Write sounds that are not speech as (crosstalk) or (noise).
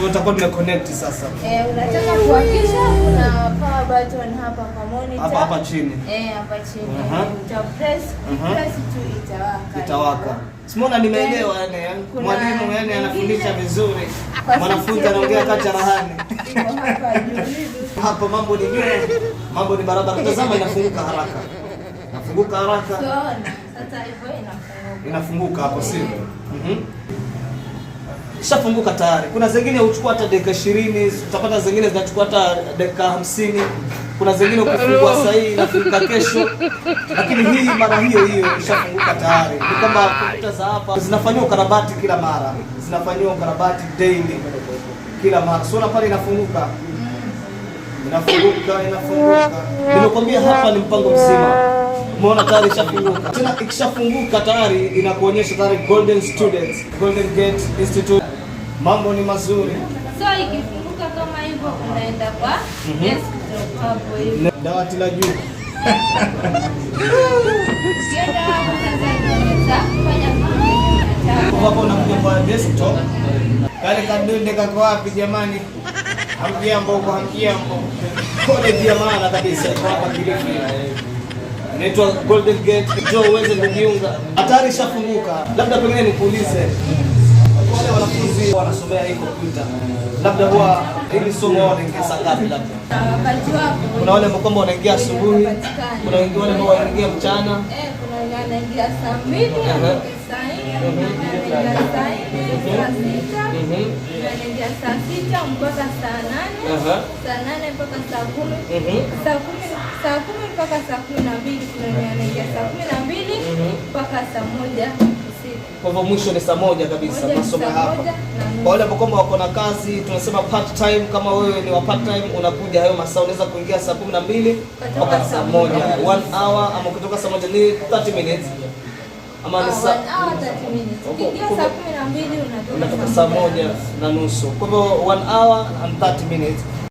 Kwa Utakuwa tume connect sasa. Eh, unataka kuhakisha kuna power button hapa kwa monitor. Hapa hapa chini. Eh, hapa chini. Uh-huh. Uta press, uh-huh. press tu itawaka. Itawaka. Simona nimeelewa yani. Eh? Mwalimu yani anafundisha vizuri. (laughs) Mwanafunzi anaongea (laughs) kati ya rahani. (laughs) Hapo mambo ni nyuma. Mambo ni barabara. Tazama inafunguka haraka. Inafunguka haraka. Sasa hivyo inafunguka. Inafunguka hapo sio? Mhm shafunguka tayari. Kuna zingine huchukua hata dakika 20, utapata zingine zinachukua hata dakika hamsini, kuna zingine ukifungua saa hii na inafunguka kesho, lakini hii mara hiyo hiyo ishafunguka tayari. Ni kama kompyuta za hapa zinafanywa ukarabati kila mara, Zinafanywa ukarabati daily, kila mara sio pale inafunguka inafunguka inafunguka. Nimekwambia hapa ni mpango mzima, umeona tayari ishafunguka. Tena ikishafunguka tayari inakuonyesha tayari Golden Students, Golden Gate Institute Mambo ni mazuri. So ikifunguka kama hivyo unaenda kwa mhm. desktop hapo Dawati la juu. kwa desktop. Kale kako wapi jamani? kwa kabisa hapa kilifi. Naitwa Golden Gate. Jo uweze kujiunga. Hatari shafunguka. Labda pengine nikuulize wale wanafunzi wanasomea hii kompyuta, labda huwa hili somo wanaingia saa ngapi? Labda kuna wale ambao kwamba wanaingia asubuhi, kuna wengine wale ambao wanaingia mchana saa sita mpaka saa nane saa saa kumi saa kumi mpaka saa kumi na mbili saa kumi na mbili mpaka saa moja kwa hivyo mwisho ni saa moja kabisa nasoma hapa. Kwa wale ambao kwamba wako na kazi tunasema part time, kama wewe ni wa part time unakuja hayo masaa, unaweza kuingia saa kumi na mbili mpaka saa moja one hour, ama kutoka saa moja ni 30 minutes ama ni ah, saa unatoka saa moja na nusu, kwa hivyo one hour and 30 minutes